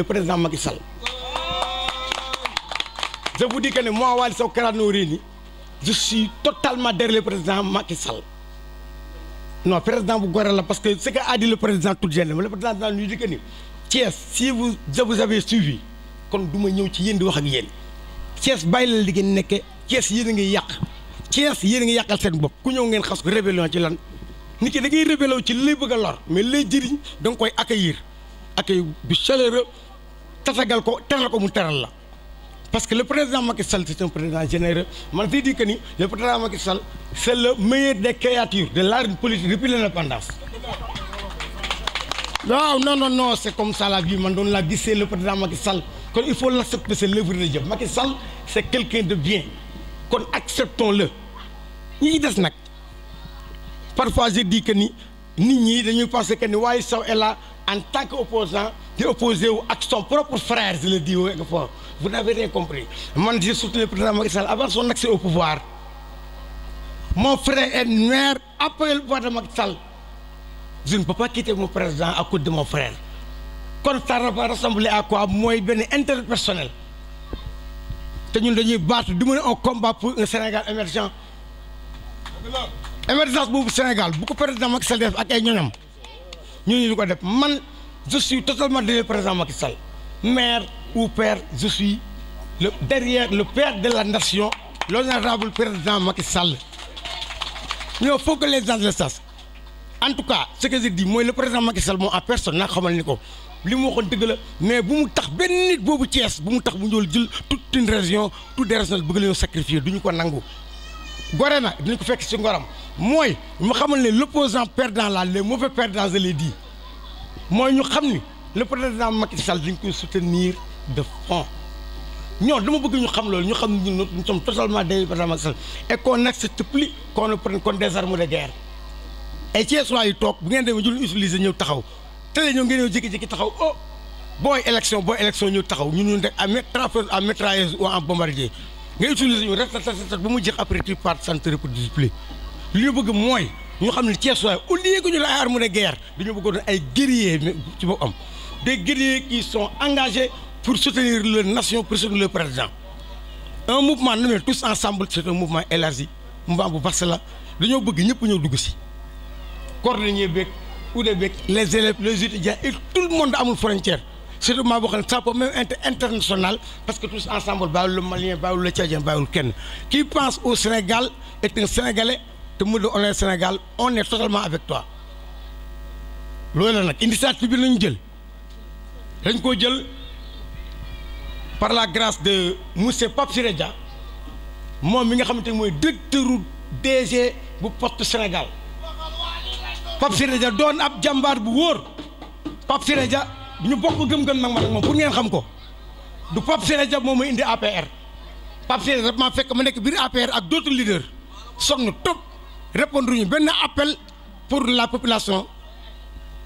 le président Macky Sall. je vous dis que ne moi Waly Sow Karano Réni je suis totalement derrière le président Macky Sall non président bu gore la parce que ce que a dit le président tout jeune le président daal ñu di que ni Thiès si vous vous avez suivi kon du ma ñëw ci yéen di wax ak yéen Thiès bay la li ngeen nekkee Thiès yéen a ngi yàq Thiès yéen a ngi yàqal seen bopp ku ñëw ngeen xas ko rébellion ci lan nit ki da ngay rébellé ci lay bëgg a lor mais lay jëriñ da nga koy accueillir accueil bu chaleureux tatagal ko teral ko mu teral la parce que le président Macky sal c'est un président généreux man je dis ni le président Macky Sall c'est le meilleur des créatures de l'art politique depuis l'indépendance waaw non non non c'est comme ça la vie man doon laa gisee le président Macky Sall kon il faut l'accepter c'est l'œuvre de Dieu Macky Sall c'est quelqu'un de bien kon acceptons-le ñi des nag parfois je dis que ni nit ñi dañuy penser que ni waaye saw et là en tant qu'opposant di opposé wu ak son propre frère je le dis au point vous n'avez rien compris man j'ai soutenu le président Macky avant son accès au mon frère est maire après le de Macky je ne peux pas mon président à cause de mon frère kon ça va à quoi mooy benn intérêt personnel te ñun dañuy battre du mën un combat pour Sénégal émergent émergence boobu Sénégal bu ko président Macky Sall def ak ay ñoñam ñooñu di ko man je suis totalement derrière le président Macky Sall maire ou père je suis le derrière le père de la nation l'honorable président Macky Sall ñoo faut que les gens le sachent en tout cas ce que je dis mooy le président Macky Sall moom en personne naa xamal ni ko li mu waxoon dëgg mais bu mu tax benn boobu Thiès bu mu tax bu njool jël toute une région toute des régions bëgg leen sacrifier du ñu ko nangu gore na dinañ ko fekk ci ngoram mooy mu xamal ne l'opposant perdant là les mauvais perdants je l'ai dit mooy ñu xam ni le président Macky Sall dañ koy soutenir de fond ñoo dama bëgg ñu xam loolu ñu xam ne ñu nous sommes totalement derrière le président Macky Sall et qu'on n'accepte plus qu'on ne prenne comme des armes de guerre ay Thiessois toog bu ngeen demee jël utiliser ñëw taxaw télé ñoo ngeen ñëw jékki-jékki taxaw oh booy élection booy élection ñu taxaw ñun ñu nekk à transfert à mitrailleuse ou en bombardier nga utiliser ñu rek rek rek ba mu jeex après tu pars sans te repousser li ñu bëgg ñu xam ne Thiès waay au lieu ko ñu la armée de guerre dañoo bëggoon ay guerriers ci boppam des guerriers kii son engagés pour soutenir leur nation pour soutenir le président un mouvement nommé tous ensemble c'est un mouvement élargi mouvement bu vaste la dañoo bëgg ñëpp ñëw dugg si coordonnées beeg ude beeg les élèves les étudiants et tout le monde amul frontière c'est un mouvement boo xam ne ça peut même parce que tous ensemble bàyyiwul le Malien bàyyiwul le Tchadien kenn qui au Sénégal est un te mu on est Sénégal on est totalement avec toi loolu la nag initiative bi lañu jël dañ koo jël par la grace de monsieur Pape Siré Dia moom mi nga xamante ne mooy directeur DG bu poste Sénégal Pape Siré Dia doon ab jàmbaar bu wóor Pape Siré Dia ñu bokk gëm-gëm nag ma nag moom pour ngeen xam ko du Pape Siré Dia moom mooy indi APR Pape Siré Dia ma fekk ma nekk biir APR ak d'autres leaders sonn trop. répondre ñu benn appel pour la population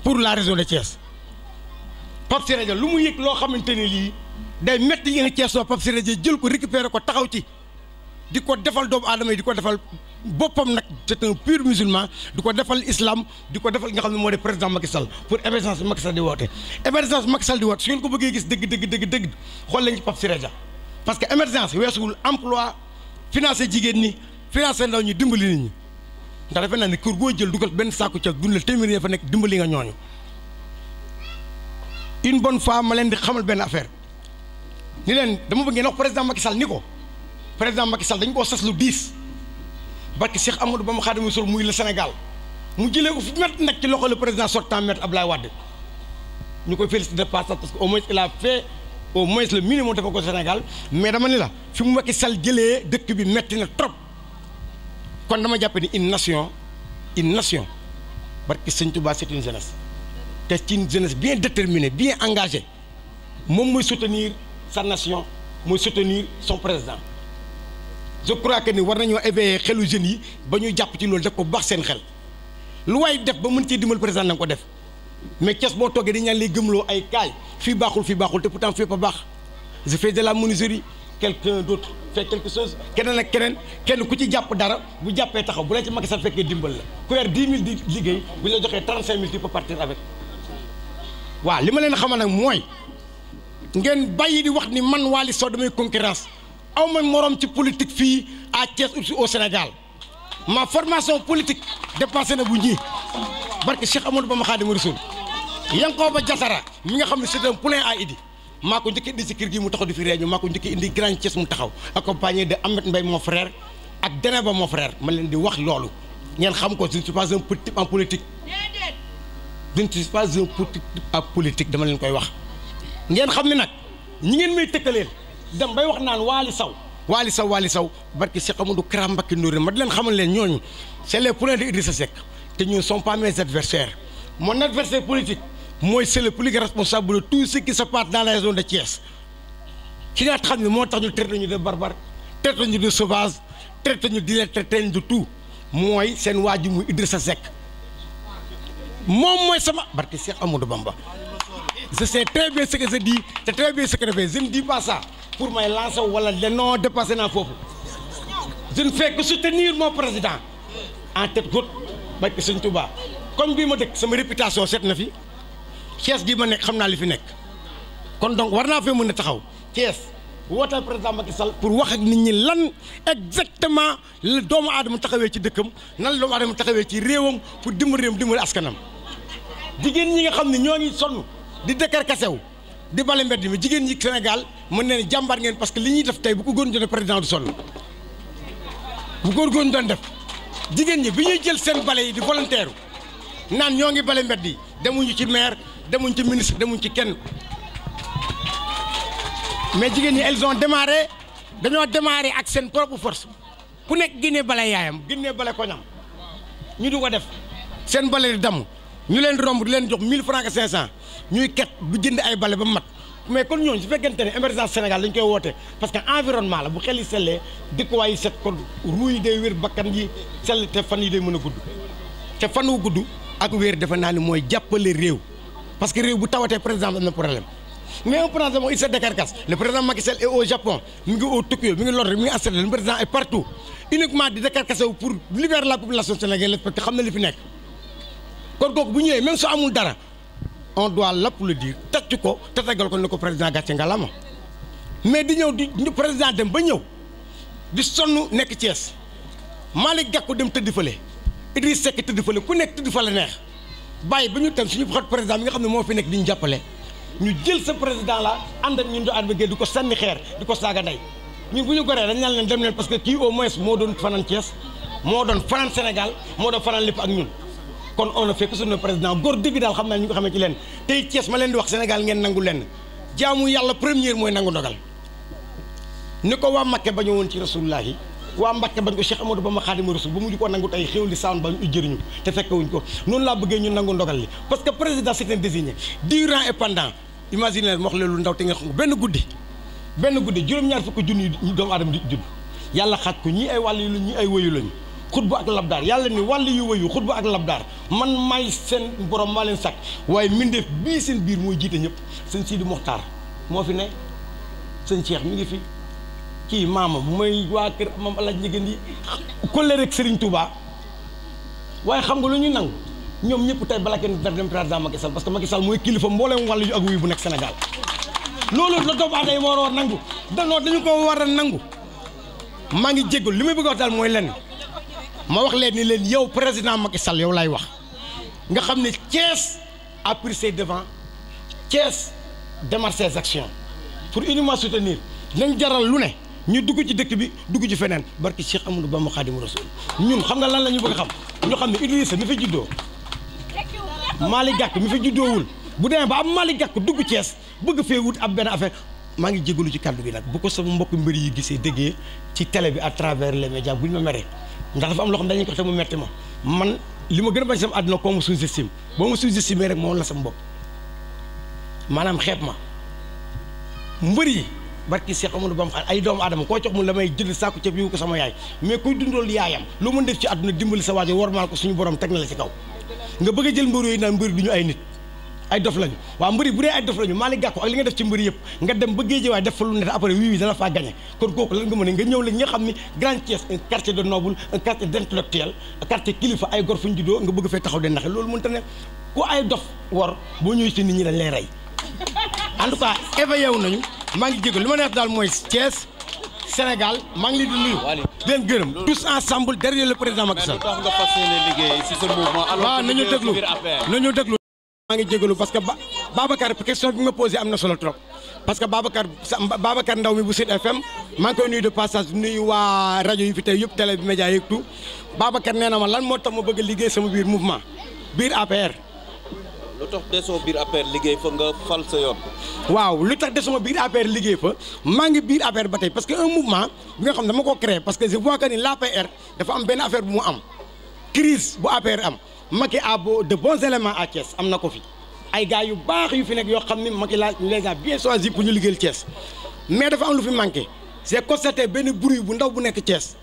pour la région de Thiès Pape Siré Dia lu mu yëg loo xamante ni lii day metti yéen Thiès soo Pape Siré Dia jël ko récupérer ko taxaw ci di ko defal doomu aadama yi di ko defal boppam nag c'est un pur musulman di ko defal islam di ko defal nga xam ne moo di président Macky Sall pour émergence Macky Sall di woote émergence Macky Sall di woote su ngeen ko bëggee gis dëgg dëgg dëgg dëgg xool lañ ci Pape Siré Dia parce que émergence weesuwul emploi financer jigéen ñi financer ndaw ñi dimbali nit ñi ndax defe naa ne kër goo jël dugal benn sàkku ceeb dund la téeméer fa nekk dimbali nga ñooñu une bonne fois ma leen di xamal benn affaire ni leen dama bëgg ngeen wax président Macky Sall ni ko président Macky Sall dañ koo sas lu diis barke Cheikh Amadou Bamba Khadimou Rassoul muy la Sénégal mu jëlee ko fu mett nag ci loxo le président sortant maître Abdoulaye Wade ñu koy félicité de passage parce que au moins il a fait au moins le minimum dafa Sénégal mais dama ni la fi mu Macky Sall jëlee dëkk bi metti na trop. kon dama jàpp ni une nation une nation barke sëñ Touba c'est une jeunesse te ci une jeunesse bien déterminée bien engagée moom mooy soutenir sa nation mooy soutenir son président je crois que ni war nañoo éveiller xelu jeunes yi ba ñu jàpp ci loolu def ko baax seen xel lu waay def ba mën cee dimbal président na nga ko def mais Thiès boo toggee di naan lay gëmloo ay kaay fii baaxul fi baaxul te pourtant fii ba baax je fais de la menuiserie. quelqu'un d'autre fait quelque keneen ak keneen kenn ku ci jàpp dara bu jàppee taxaw bu la ci Macky Sall fekkee dimbal la ku weer 10 000 di liggéey bu ñu la joxee 35 000 tu peux partir avec waaw li ma leen xamal nag mooy ngeen bàyyi di wax ni man Waly Sow damay concurrence aw ma morom ci politique fii à Thiès o Sénégal ma formation politique dépassé na bu ñii barke Cheikh Amadou Bamba Khadimou Rassoul Yankoba Diattara mi nga xam ne c'est un poulain à Idi maa ko njëkk indi si kër gi mu taxaw di fi réunion maa ko njëkk indi Grand Thiès mu taxaw accompagné de Ahmed Mbaye mon frère ak Dene Ba mon ma leen di wax loolu ngeen xam ko je ne suis pas un petit en politique je ne politique dama leen koy wax. ngeen xam ne nag ñi ngeen may tëkkaleel dem bay wax naan waali saw waali saw waali saw barki si xamudu Kara Mbacké Ndoury ma di leen xamal leen ñooñu c'est les poulains de Idrissa Seck te ñun sont pas mes adversaires mon adversaire politique. mooy c'est le plus responsable de tout ce qui se passe dans de Thiès ki nga xam ne moo tax ñu traité ñu de barbare traité ñu de sauvage ñu di leen traité de tout mooy seen waajur mu Idrissa Seck moom mooy sama barke Cheikh Amadou Bamba je sais très bien ce que je dis c'est très bien ce que je fais je ne dis pas ça pour may lancer wala non dépassé naa foofu je ne fais que soutenir mon président en tête haute barke Sëñ Touba comme bii ma dëkk sama réputation seet na fi. cees gi ma nekk xam naa li fi nekk kon donc war naa fee mën a taxaw Thiès wooteel président Macky Sall pour wax ak nit ñi lan exactement la doomu adama taxawee ci dëkkam nan la doomu aadama taxawee ci réewam pour dimbali réewam dimbali askanam jigéen ñi nga xam ne ñoo ngi sonn di dëkkar kasew di bale mbedd mi jigéen ñi Sénégal mën na ne ngeen parce que li ñuy def tey bu ko góor ñu doon président du góor góor ñu doon def jigéen ñi bi ñuy jël seen bale yi di volontaire naan ñoo ngi bale yi demuñu ci maire demuñ ci ministre demuñ ci kenn mais jigéen ñi elles ont dañoo démarré ak seen propre force ku nekk génnee bale yaayam génnee bale koñam ñu di ko def seen bale di damm ñu leen romb di leen jox 1000 francs et sant ñuy ket bu jënd ay bale ba mat mais kon ñooñu su fekkente ne émergence Sénégal dañ koy woote parce que environnement la bu xel yi sellee dëkkuwaay yi set kon ruu yi day wér bakkan yi sell te fan yi day mën a gudd te fan wu gudd ak wéer defe naa ni mooy jàppale réew. parce que réew bu tawatee président bi am na problème mais un président moom il se décarcasse le président Macky Sall est Japon mi ngi au Tokyo mi ngi Londres mi ngi Amsterdam le président est partout uniquement di décarcassé wu pour libérer la population sénégalaise parce que xam na li fi nekk bu ñëwee même su amul dara on doit l'applaudir tàcc ko tatagal ko ne ko président gàcce ngalama mais di ñëw di président dem ba ñëw di sonn nekk Thiès Malick Gakou dem tëdd fële Idriss Seck tëdd fële ku nekk fa la neex bàyyi ba ñu tam suñu xot président bi nga xam ne moo fi nekk di ñu jàppale ñu jël sa président la ànd ak ñun do advégé di ko sànni xeer di ko saaga ndey ñu bu ñu goree dañ naan leen dem leen parce que kii au moins moo doon fanaan cees moo doon fanaan Sénégal moo doon fanaan lépp ak ñun kon on a fekk que suñu président góor dëgg daal xam naa ñu nga xamee ci leen tey Thiès ma leen di wax Sénégal ngeen nangu leen jaamu yàlla première mooy nangu ndogal ni ko waa Makke ba ñu woon ci rasulullahi waa Mbàkke bañ ko Cheikh Amadou Bamba Xaadimu Rasul ba mujj ko nangu tey xéw li saan ba ñu jëriñu te fekke wuñ ko noonu laa bëggee ñu nangu ndogal li parce que président c'est désigné durant et pendant imaginaire moo wax lu ndaw te nga xam benn guddi benn guddi juróom-ñaar fukk junni doomu aadama di judd yàlla xaaj ko ñii ay wàll yu ñii ay wëyu lañu xutba ak labdaar yàlla ni wàll yu wëyu xutba ak labdaar man may seen borom maa leen sàkk waaye mbindeef bii seen biir mooy jiite ñëpp sëñ Sidi Moxtaar moo fi ne sëñ Cheikh mi ngi fi kii maama mooy waa kër maam alaaj njëgën yi kolle rek Serigne Touba waaye xam nga lu ñu nangu ñoom ñëpp tey bala kenn dara dem président Macky Sall parce que Macky mooy kilifa mbooleem wàllu yu ak wuyu bu nekk Sénégal loolu la doomu aadama war a nangu danoo dañu ko war a nangu maa ngi jéggul li ma bëgg wax daal mooy lenn ma wax leen ni leen yow président Macky Sall yow laay wax nga xam ne Thiès a pris ses devants action pour uniquement soutenir nañ jaral lu ne ñu dugg ci dëkk bi dugg ci feneen barki Cheikh Amadou Bamba Khadimu Rasul ñun xam nga lan la ñu bëgg xam ñu xam ne Idrissa mi fi juddoo maali Gakou mi fi juddoowul bu demee ba am maali Gakou dugg Thiès bëgg fee wut ab benn affaire maa ngi jégalu ci kàddu bi nag bu ko sama mbokk mbir yi gisee déggee ci télé bi à travers le médias buñ ma meree ndax dafa loo xam dañuy ko te metti ma man li ma gën a bañ sama àdduna koo ma sous-estime boo ma sous-estimé rek moo la sama bopp maanaam xeeb ma mbër yi barki Cheikh Amadou Bamba ay doomu aadama koo jox mu la may jël sàkku ceeb yiw ko sama yaay mais kuy dundool yaayam lu mën def ci àdduna dimbali sa waajur war maa ko suñu borom teg na la ci kaw nga bëgg a jël mbër yooyu naan mbër du ñu ay nit ay dof lañu waaw mbëri bu dee ay dof lañu maa li gàkku ak li nga def ci mbëri yëpp nga dem ba géej waaye def fa lu ne après wii wii dana faa gagné kon kooku lan nga a nga ñëw la nga xam ni Grand Thiès kilifa ay gor fu ñu nga bëgg fee taxaw de naxe loolu mënta ne ku ay boo ñëwee ci nit ñi dañ lay rey en tout cas éveillé wu nañu maa ngi jégal lu ma neex daal mooy Thiès Sénégal maa ngi leen di nuyu. di leen gërëm tous ensemble derrière le président Macky Sall. mais nga fas yéene liggéey si sa mouvement. alors que nañu déglu nañu déglu. maa ngi jégalu parce que ba Babacar question bi nga posé am na solo trop parce que Babacar Babacar Ndaw mi bu Sud FM maa ngi koy nuyu de passage nuyu waa rajo yi fi tey yëpp télé bi média yeeg tout Babacar nee na ma lan moo tax ma bëgg a liggéey sama biir mouvement biir APR. lu tax desoo biir APR liggéey fa nga fal sa yoon. waaw lu tax ma biir APR liggéey fa maa ngi biir APR ba tey parce que un mouvement bi nga xam dama ko créé parce que je vois que ni l'APR dafa am benn affaire bu mu am crise bu APR am Macky a de bons éléments à Thiès am na ko fi ay gars yu baax yu fi nekk yoo xam ni Macky la les a bien choisi pour ñu liggéeyal Thiès mais dafa am lu fi manqué j'ai constaté benn bruit bu ndaw bu nekk Thiès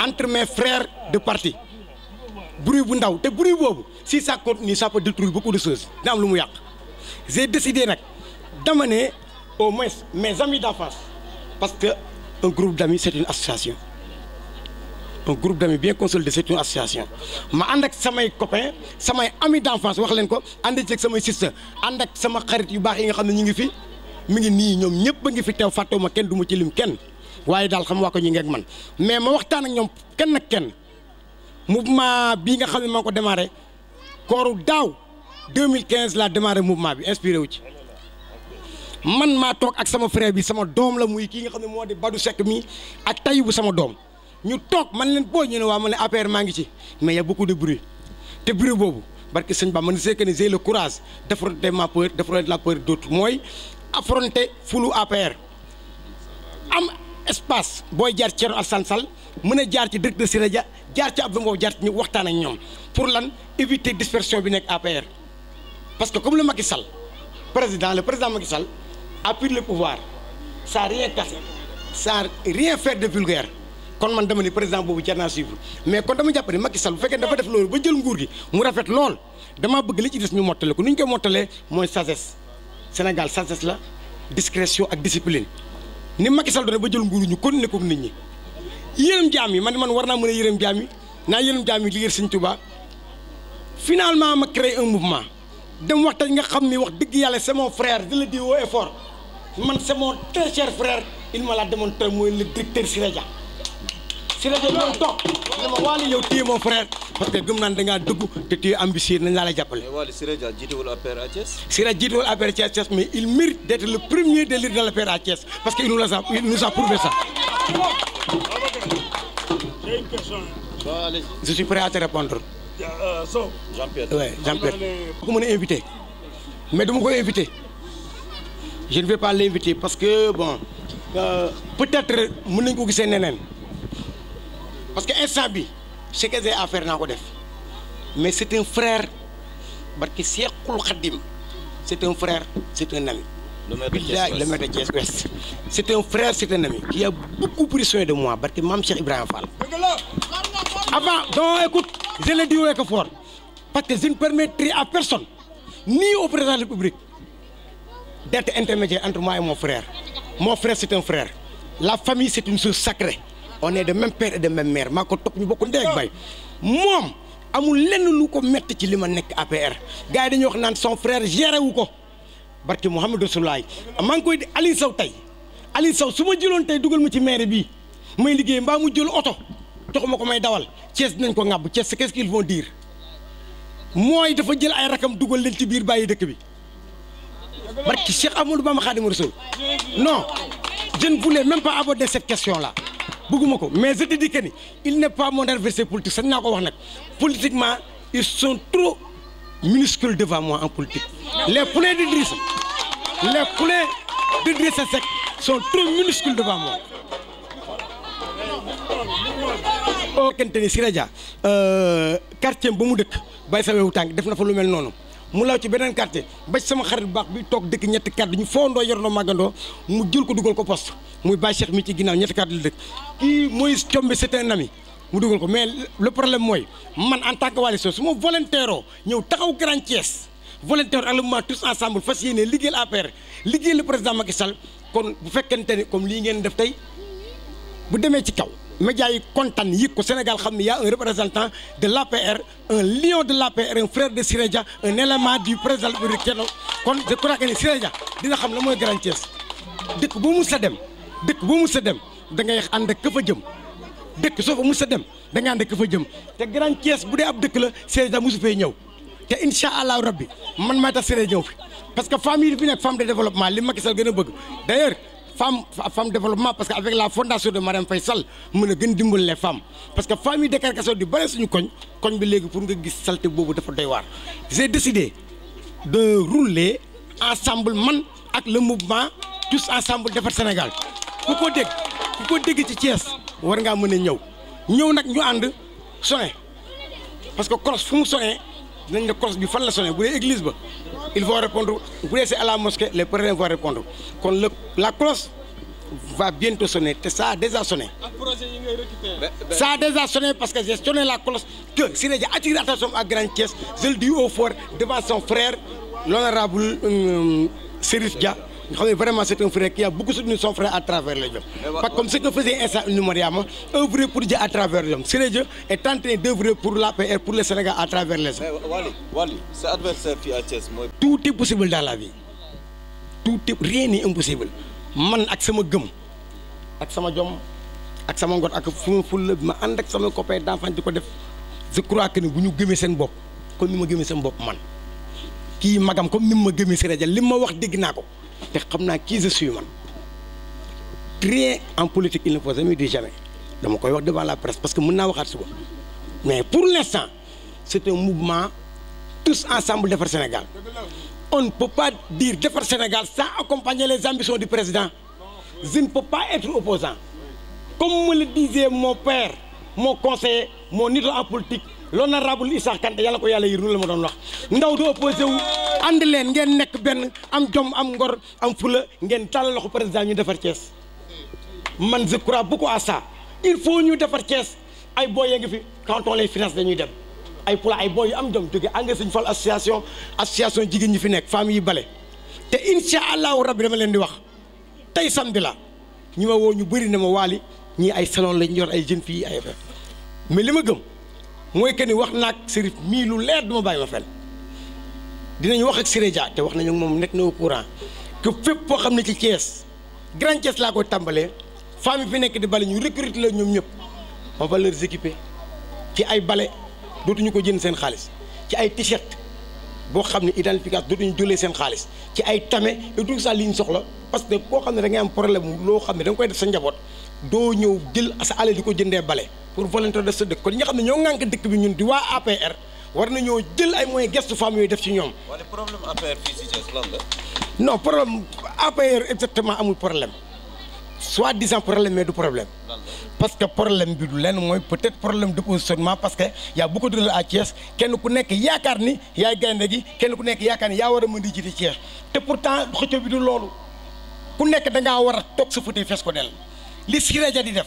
entre mes frères de parti bruit bu ndaw te bruit boobu. si ça continue ça peut détruire beaucoup de choses dina am lu mu yàq j'ai décidé nag dama ne au moins mais amis d'en parce que un groupe d'amis c'est une association un groupe d'amis bien consolidé c'est une association ma ànd ak samay copains samay amis d'enfance wax leen ko ànd ci ak samay sister ànd ak sama xarit yu baax yi nga xam ne ñu ngi fi mu ngi nii ñoom ñëpp a ngi fi teew fàttewuma kenn du ma ci lim kenn waaye daal xam waa ko ñi ngi man mais ma waxtaan ak ñoom kenn ak kenn mouvement bii nga xam ne maa ko démarré kooru daaw la laa démarré mouvement bi inspiré wu ci man maa toog ak sama frère bi sama doom la muy kii nga xam ne moo di Badou sekk mi ak bu sama doom ñu toog man leen boo ñu ne waa ma ne APR maa ngi ci mais y a beaucoup de te bruit boobu barki sëñ Ba man c'est que j'ai le courage d'affronter ma peur d'affronter la peur d'autres mooy affronter fulu APR am espace booy jaar Thierno Alassane Sall mën a jaar ci directeur Siré ja jaar ci Abdou Mbow jaar ci ñu waxtaan ak ñoom pour lan éviter dispersion bi nekk APR parce que comme le Macky Sall président le président Macky Sall a pris le pouvoir sans rien casser sans rien faire de vulgaire kon man dama ni président boobu jar naa suivre mais kon dama jàpp ne Macky Sall bu fekkee dafa def loolu ba jël nguur gi mu rafet lool damaa bëgg li ci des ñu mottale ko ni ñu koy mottalee mooy sagesse Sénégal sagesse la discrétion ak discipline ni Macky Sall doone ba jël nguur ñu continuer ko ni ñi yërëm jaam yi man man war naa mën a yërëm jaam yi naa yërëm jaam finalement ma créé un mouvement dem waxtaan nga xam ni wax dëgg yàlla c'est mon frère di la di woo effort man semon mon très cher frère il me l'a démontré mooy le directeur Sirédia Sirédia ñoo toog dama waali yow téye mon frère parce que gëm naan dangaa dugg te téye ambitieux nañ laa lay jàppale. mais waali Sirédia jiitewul APR à Thiès. Sirédia jiitewul APR à Thiès mais il mérite d'être le premier de leader de l'APR à parce que il nous l'a il nous a prouvé Sow. Jean Pierre oui Jean Pierre. ko mën a invité mais duma ko invité je ne vais pas l'inviter parce que bon euh, peut-être mën nañu ko gisee neneen parce que instant bi ce que j'ai à faire ko def mais c'est un frère barki Seexul Xaddim c'est un frère c'est un ami. le maire de Thiès le maire de Thiès Ouest. c'est un frère c'est un ami. qui a beaucoup pris soin de moi barki Mame Cheikh Ibrahima Fall. avant donc écoute. je le dis haut et fort parce que je ne à personne ni au président de la République d'être intermédiaire entre moi et mon frère mon frère c'est un frère la famille c'est une chose sacrée on de même père et de même mère maa ko topp ñu bokk ndey ak moom amul lenn lu ko metti ci li ma nekk APR gars yi dañuy wax naan son frère géré wu ko barki Mouhamadou Rasulaay maa ngi koy di Aliou Sow tey Aliou Sow su ma jëloon tey dugal ma ci maire bii may liggéey mbaa mu jël oto taxuma ko may dawal Thiès dinañ ko ŋàbb Thiès qu'est-ce qu'ils vont dire mooy dafa jël ay rakam dugal leen ci biir bàyyi dëkk bi barki Cheikh Amadou ma Khadimou Rassoul non je ne voulais même pas aborder cette question là bëgguma ko mais je te dis ni il n'est pas mon adversaire politique sax naa ko wax nag politiquement ils sont trop minuscules devant moi en politique les poulets d'Idrissa les poulets d'Idrissa Seck sont trop minuscules devant moi fekkente ni Siré Dia euh, quartier ba mu dëkk bàyyi sa wewu tànk def na fa lu mel noonu mu law ci beneen quartier ba ci sama xarit baax bi toog dëkk ñetti kàddu ñu foo foondoo yorandoo màggandoo mu jël ko dugal ko poste muy Baye Cheikh mi ci ginnaaw ñetti kàddu la dëkk kii mooy combi c'est un ami mu dugal ko mais le problème mooy man en tant que Wally Seck su ma volontaire oo ñëw taxaw Grand Thiès volontaire ak le mouvement tous ensemble fas yéene liggéey APR liggéeyal le président Macky Sall kon bu fekkente ni comme lii ngeen def tey bu demee ci kaw médias yi kontaan yëg ko Sénégal xam ne y' a un représentant de l'APR un lion de l'APR un frère de Siré Dia un élément du président de Kéno kon je dina xam la mooy Grand Thiès dëkk bu mu sa dem dëkk bu mu sa dem da ngay ànd ak ka jëm dëkk soo fa mu sa dem da ngay ànd jëm te Grand Thiès bu dee ab dëkk la Siré Dia mosu fee ñëw te incha allahu rabbi man maa tax Siré Dia ñëw fi parce que famille bi nekk femme de développement li Macky Sall gën a bëgg femme femme développement parce que avec la fondation de Marième Faye Sall mën a gën dimbali les femmes parce que femmes yi décarcation di bare suñu koñ koñ bi léegi pour nga gis salte boobu dafa doy waar j'ai décidé de rouler ensemble man ak le mouvement tous ensemble defar Sénégal ku ko dégg ku ko dégg ci Thiès war ngaa mën a ñëw ñëw nag ñu ànd sone parce que cross fu mu sone dinañ ne cross bi fan la sone bu dee église ba ils vont répondre bu dee à la mosquée les problèmes vont répondre kon la cloche va bientôt sonner te ça a déjà sonné. ak projet yi déjà sonné parce que j'ai sonné la cloche que Siré Dia attire l'attention à Grand Thiès je le dis au fort devant son frère l'honorable euh, Chérif Dia. ñu xam ne vraiment c' est a beaucoup soutenu son à travers les jeunes. parce que comme ce que faisait Essa Oumou Mariama mooy. tout est possible dans la vie tout est rien n' impossible man ak sama gëm ak sama jom ak sama ngor ak fu la ful ma ànd ak sama copain d'enfance di ko def je crois que ni bu ñu gëmee seen bopp comme ni ma gëmee seen bopp man kii magam comme ni ma gëmee Siré Dia li ma wax dégg naa ko. te xam naa qui je suis man en politique il ne faut jamais dire jamais dama koy wax devant la presse parce que mën naa waxaat suba mais pour l'instant c'est un mouvement tous ensemble defar Sénégal on ne peut pas dire defar Sénégal sans accompagner les ambitions du président je ne peux pas être opposant comme me le disait mon père mon conseiller mon idole en politique l'honorable Issa Kante yàlla ko yàlla yi run la ma doon wax ndaw du opposé wu leen ngeen nekk benn am jom am ngor am fula ngeen tàllal loxo président ñu defar Thiès man je crois beaucoup à ça il faut ñu defar Thiès ay booyee ngi fi quand on les finance dañuy dem ay pula ay booy yu am jom jóge engrais suñu fal association association jigéen ñu fi nekk femmes yi bale te incha allahu bi dama leen di wax tey samedi la ñu ma woo ñu bëri na ma waali ñii ay salon lañ yor ay jeunes filles ay mais li ma gëm mooy que ni wax naag Serif mii lu leer du ma bàyyi ma fen dinañ wax ak Siré te wax nañu moom nekk na au courant que fépp foo xam ne ci Thiès Grand Thiès laa koy tàmbalee femme yi fi nekk di bale ñu recruter la ñoom ñëpp on va les équiper ci ay bale dootuñu ko jënd seen xaalis ci ay t boo xam ne identification dootuñu jëlee seen xaalis ci ay tame et tout ça li ñu soxla parce que koo xam ne da am problème loo xam ne da nga koy def sa njaboot doo ñëw jël sa alal di ko jëndee bale. pour volonté de sa dëkk kon ñi xam ne ñoo ŋànk dëkk bi ñun di waa APR war nañoo jël ay moyens gestu femmes yooyu def ci ñoom. wala problème APR fii problème APR exactement amul problème soi-disant problème mais du problème. parce que problème bi du lenn mooy peut-être problème de parce que y a beaucoup de à kenn ku nekk yaakaar ni yaay gaynde gi kenn ku nekk yaakaar ni yaa war a mën di jiite Thiès te pourtant xëccoo bi du loolu ku nekk da ngaa war a toog sa fauteuil fees ko del li Siré Dia di def.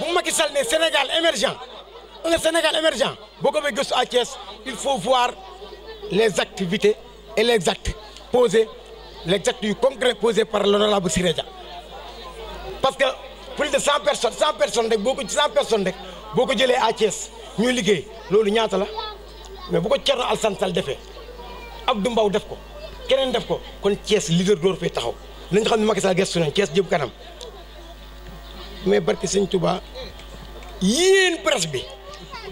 bu Macky Sall ne Sénégal émergent un Sénégal émergent boo ko may gëstu à Thiès il faut voir les activités et les actes posés les actes yu concret posés par l'honorable Siré Dia parce que plus de cent personnes cent personnes rek boo ko cent personnes rek boo ko jëlee à Thiès ñuy liggéey loolu ñaata la mais bu ko Thierno Alassane Sall defee du Mbow def ko keneen def ko kon Thiès leader door fi taxaw nañ xam ne Macky Sall gestu nañ Thiès jëm kanam mais barke sëñ Touba yéen presse bi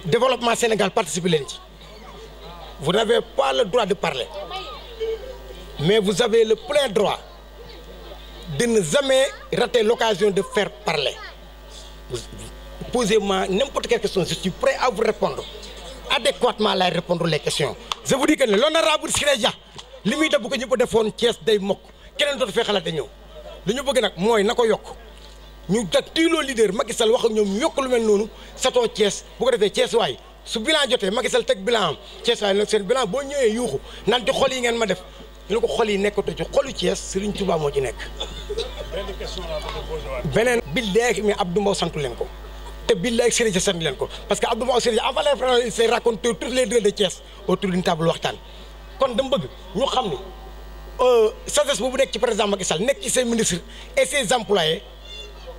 développement Sénégal participe leen ci vous n'avez pas le droit de parler mais vous avez le plein droit de ne jamais rater l'occasion de faire parler posez-moi n'importe quelle question je suis prêt à vous répondre adéquatement lay répondre les questions je vous dis que ne l'honorable Siré Dia li muy def bu ko ñëpp defoon Thiès day mokk keneen dootu fee xalaat da ñëw li ñu bëgg nag mooy na ko yokk ñu teg tiiloo leader Macky Sall wax ak ñoom yokk lu mel noonu satoo Thiès bu ko defee Thiès waay su bilan jotee Macky Sall teg bilan am Thiès waay nag boo ñëwee yuuxu naan ci xol yi ngeen ma def ñu ko xol yi nekkatoo ci xolu Thiès Serigne Touba moo ci nekk. benn question laa bëgg a posé waat. beneen leen ko. te billaay Serigne leen ko parce que Abdou Mbow Serigne avant les frères il s'est raconté tous kon dama bëgg ñu xam ni euh, sagesse boobu nekk ci président Macky Sall nekk ci ses ministres et ses employés.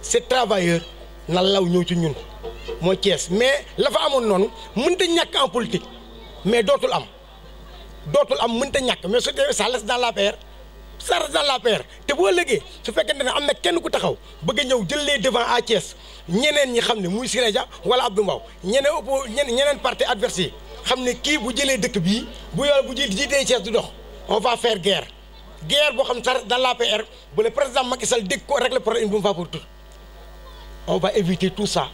ces travailleurs na law ñëw ci ñun mooy Thiès mais lafa amoon noonu mënta ñàkk en politique mais dootul am dootul am mënta ñàkk mais su dee ça reste dans l'APR ça reste dans l'APR te boo léegi su fekkente ne am na kenn ku taxaw bëgg ñëw jël les devants à Thiès ñeneen ñi xam ne muy Siré Dia wala Abdou Mbow ñeneen oppo ñeneen parti adverse xam ne kii bu jëlee dëkk bii bu yor bu ji jiitee Thiès du dox on va faire guerre guerre boo xam ça reste dans l'APR bu le président Macky Sall dégg ko régler problème bi mu fa on va éviter tout ça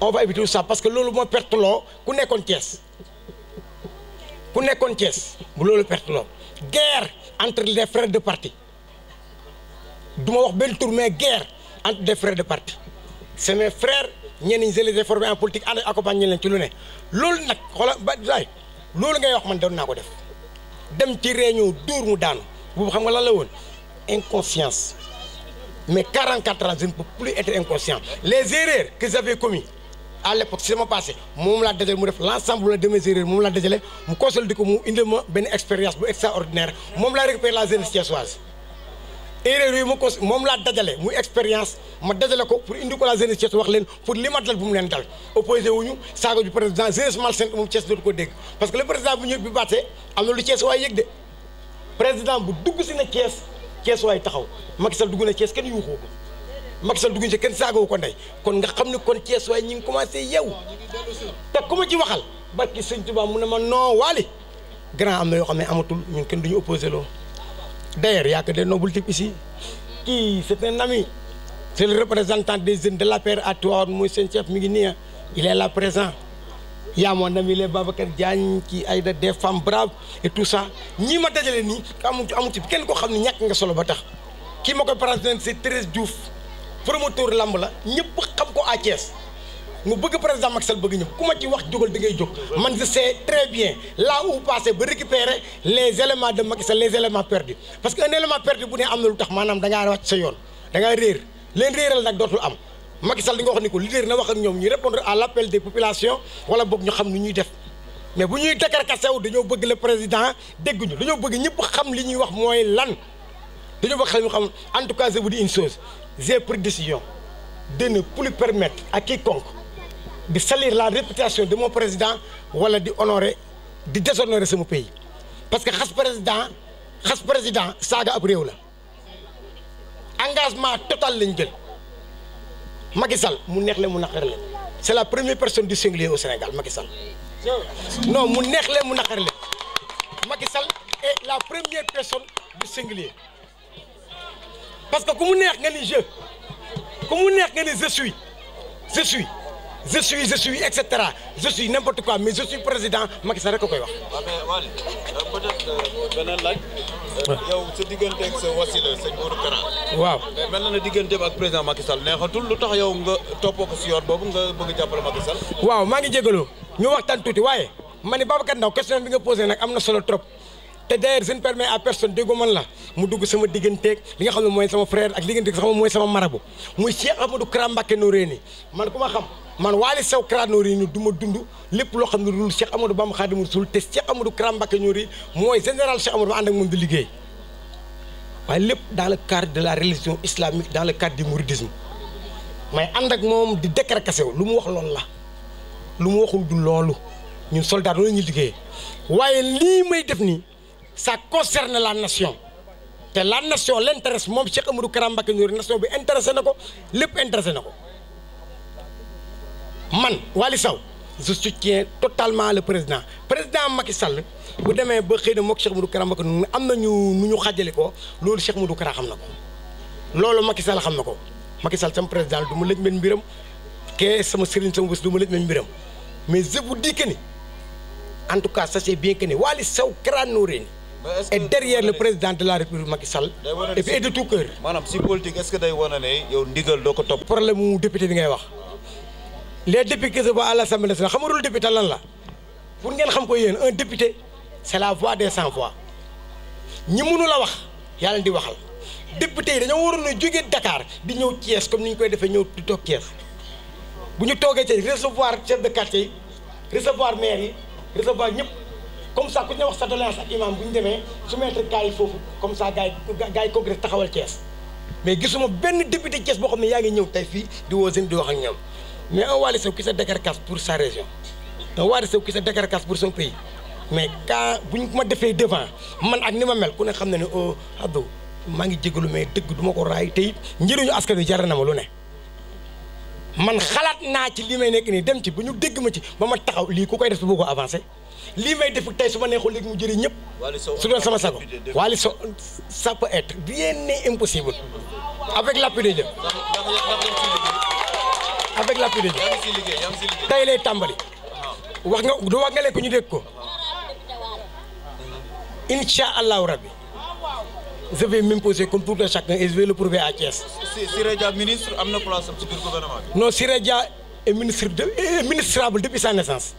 on va éviter tout ça parce que loolu moo perte loo ku nekkoon Thiès ku nekkoon Thiès bu loolu perte loo guerre entre les frères de partie du ma wax benn tour mais guerre entre les frères de parti c'est mes frères ñenn ñi je les ai formés en politique ànd accompagné leen ci lu ne loolu nag xoola ba daay loolu ngay wax man doon naa ko def dem ci réunion dóor mu daanu boobu xam nga lale la woon inconscience mais 44 ans je ne peux plus être inconscient les erreurs que j'avais commis à l'époque si sama passé moom laa dajale mu def l'ensemble de mes erreurs moom la dajale mu consolidé ko mu indil ma benn expérience bu extraordinaire moom laa récupéré la jeunesse thiessoise erreur yooyu ma ko moom laa dajale mu expérience ma dajale ko pour indi ko la jeunesse Thiès wax leen pour li ma dal bu mu leen dal opposé wuñu saago ju président jeunesse malsaine moom Thiès parce que le président bu ñëw bi bu dugg si na Thiès Cees waay taxaw Macky Sall dugg na Cees kenn yuuxoo ko Macky Sall dugg na Cees kenn saagoo ko ndey kon nga xam ne kon Cees waay ñi ngi commencé yeewu te ku ma ci waxal barki sëñ Tuubaa mu ne ma noo waali grand am na yoo xam ne amatul ñun kenn duñu opposé loo d'ailleurs yaa que des nobles types ici kii c'est un ami c'est le représentant des jeunes de l'APR à Tivaouane mooy seen chef mi ngi nii il est là présent y na mon ami les Babacar Diagne kii ay da des femmes braves et tout ça ñii ma dajale nii amu amu ci kenn koo xam ne ñàkk nga solo ba tax kii ma koy présenté c'est Thérèse Diouf promoteur lamb la ñëpp xam ko à Thiès mu bëgg président Macky Sall bëgg ñëpp ku ma ci wax jógal da ngay jóg man je sais très bien laa où passé ba récupérer les éléments de Macky Sall les éléments perdus parce que un élément perdu bu ne am na lu tax maanaam da wàcc sa yoon da réer leen réeral nag dootul am Macky Sall di nga wax ni ko leader na wax ak ñoom ñu répondre à l' appel des populations wala boog ñu xam ni ñuy def mais bu ñuy décarcassé wu dañoo bëgg le président dégguñu dañoo bëgg ñëpp xam li ñuy wax mooy lan dañoo bëgg xam xam en tout cas je vous dis une chose j'ai pris décision de ne plus permettre à quiconque de salir la réputation de mon président wala di honorer di déshonorer sama pays parce que xas président xas président saaga ab réew la engagement total lañ jël Macky Sall mu neex leen mu naqar leen c'est la première personne du singulier au Sénégal Macky Sall non mu neex leen mu naqar leen Macky Sall est la première personne du singulier parce que ku mu neex nga ni je ku mu neex nga ni je suis je suis je suis et cetera je suis n'importe quoi mais je suis président Macky Sall rek ko koy wax. waaw ah, mais euh, euh, euh, yow sa diggante ak sa wasila waaw mais na ne digganteem ak président Macky Sall neexatul lu tax yow nga toppoo ko si yoon boobu nga bëgg jàppale Macky Sall. waaw maa ngi jégalu ñu waxtaan tuuti waaye ma ne Babacar Ndao question bi nga posé nag am na solo trop. te d'ailleurs je ne permets à personne déggu man la mu dugg sama digganteeg li nga xam ne mooy sama frère ak diggante sama mooy sama marabu muy Cheikh Amadou Kara Mbacké Noreyni man ku ma xam. man Waly sew Kramnori ni du ma dund lépp loo xam ne dul Cheikh Amadou Bamba Khadimou Rassoul te Cheikh Amadou Kara Mbacké Niori mooy général Cheikh Amadou ànd ak moom di liggéey waaye lépp daal le cadre de la religion islamique dans le cadre du mouridisme may ànd ak moom di décarcassé lu mu wax loolu la lu mu waxul du loolu ñun soldat loolu ñu liggéey waaye lii may def nii ça concerne la nation te la nation l'intéresse moom Cheikh Amadou Kara Mbacké nation bi intéressé na ko lépp intéressé na ko man Waly Sow je soutiens totalement le président président Macky Sall bu demee ba xëy na mook Cheikh Modou Kara Mbacké nu am nañu nu ñu xaajale ko loolu Cheikh Modou Kara xam na ko loolu Macky Sall xam na ko Macky Sall sama président du ma lëj men mbiram kee sama sëriñ sama bés du ma lëj men mbiram mais je vous dis que ni en tout cas sachez bien que ni Waly Sow Kara Noreyni et derrière le président de la République Macky Sall et de tout cœur maanaam si politique est-ce que day wane ne bi ngay wax les députés qui se voient à l'Assemblée nationale xam nga rôle lan la pour ngeen xam ko yéen un député c'est la voix des sans voix ñi munul la wax yàlla di waxal député yi dañoo waroon a jógee dakaar di ñëw Thiès comme ni ñu koy defee ñëw di toog Thiès bu ñu toogee ci recevoir chef de quartier yi recevoir maire yi recevoir ñëpp comme ça ku ñu wax sa doléance ak imam bu ñu demee soumettre cas yi foofu comme ça gars yi gars yi taxawal Thiès mais gisuma benn député Thiès boo xam ne yaa ngi ñëw tey fii di seen di wax ak ñoom. mais un Wally Seck qui se décarcasse pour sa région un Wally Seck qui se décarcasse pour son pays mais quand bu ñu ma defee devant man ak ni ma mel ku ne xam ne ne oh Abdou maa ngi jégalu mais dëgg duma ma ko raay te njëriñu askan wi jar na ma lu ne man xalaat naa ci li may nekk nii dem ci bu ñu dégg ma ci ba ma taxaw lii ku koy def bu ko avancé lii may def tey su ma neexul léegi mu jëriñ ñëpp. su doon sama sago Wally Seck ça peut être bien impossible avec l'appui des avec l'appui de Dieu tey lay tàmbali wax nga du wax nga leen ko ñu dégg ko incha allahu rabbi je vais m'imposer comme tout un chacun et je vais le prouver à Thiès. Siré Dia ministre am ministre de est ministrable depuis sa naissance.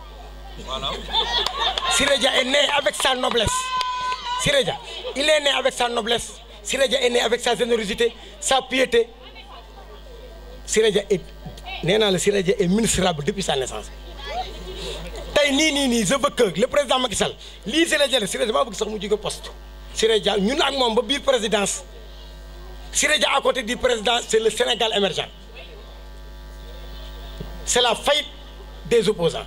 voilà. Siré Dia est avec sa noblesse. Siré Dia il est né avec sa générosité sa piété Siré Dia est nee naa la Siré Dia est ministrable depuis sa naissance tey nii nii nii je veux que le président Macky Sall lii Siré Dia la Siré Dia maa bëgg sax mu jóge poste Siré Dia ñun ak moom ba biir présidence Siré Dia à côté du président c'est le Sénégal émergent c'est la faillite des opposants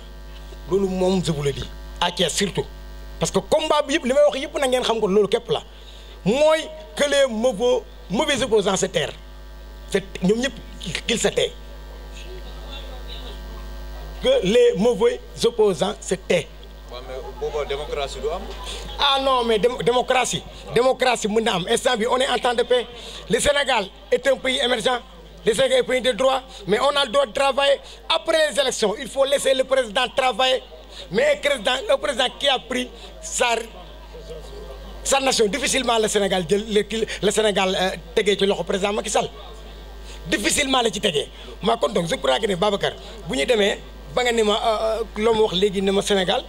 loolu moom je vous le dis à surtout parce que combat bi yëpp li may wax yëpp na ngeen xam ko loolu képp la mooy que les mauvais mauvais opposants se tairent te ñoom ñëpp qu'ils se taisent que les mauvais opposants se taient. waaw mais booba démocratie du am. ah non mais démocratie démocratie mën na am instant bi on est en temps de paix le Sénégal est un pays émergent le Sénégal est un de droit mais on a le droit travailler après les élections il faut laisser le président travailler mais président le président qui a pris sa sa nation difficilement le Sénégal le Sénégal euh, tege ci loxo président Macky Sall difficilement la ci tegee maa kon donc je crois que ne Babacar ba nga ne ma euh, euh, loo ma wax léegi ne ma Sénégal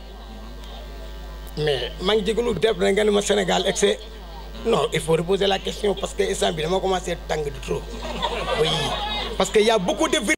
mais maa ngi jégalu def na nga ne ma Sénégal excès non il faut reposer la question parce que instant bi dama commencé tàng du trop parce que y' beaucoup de.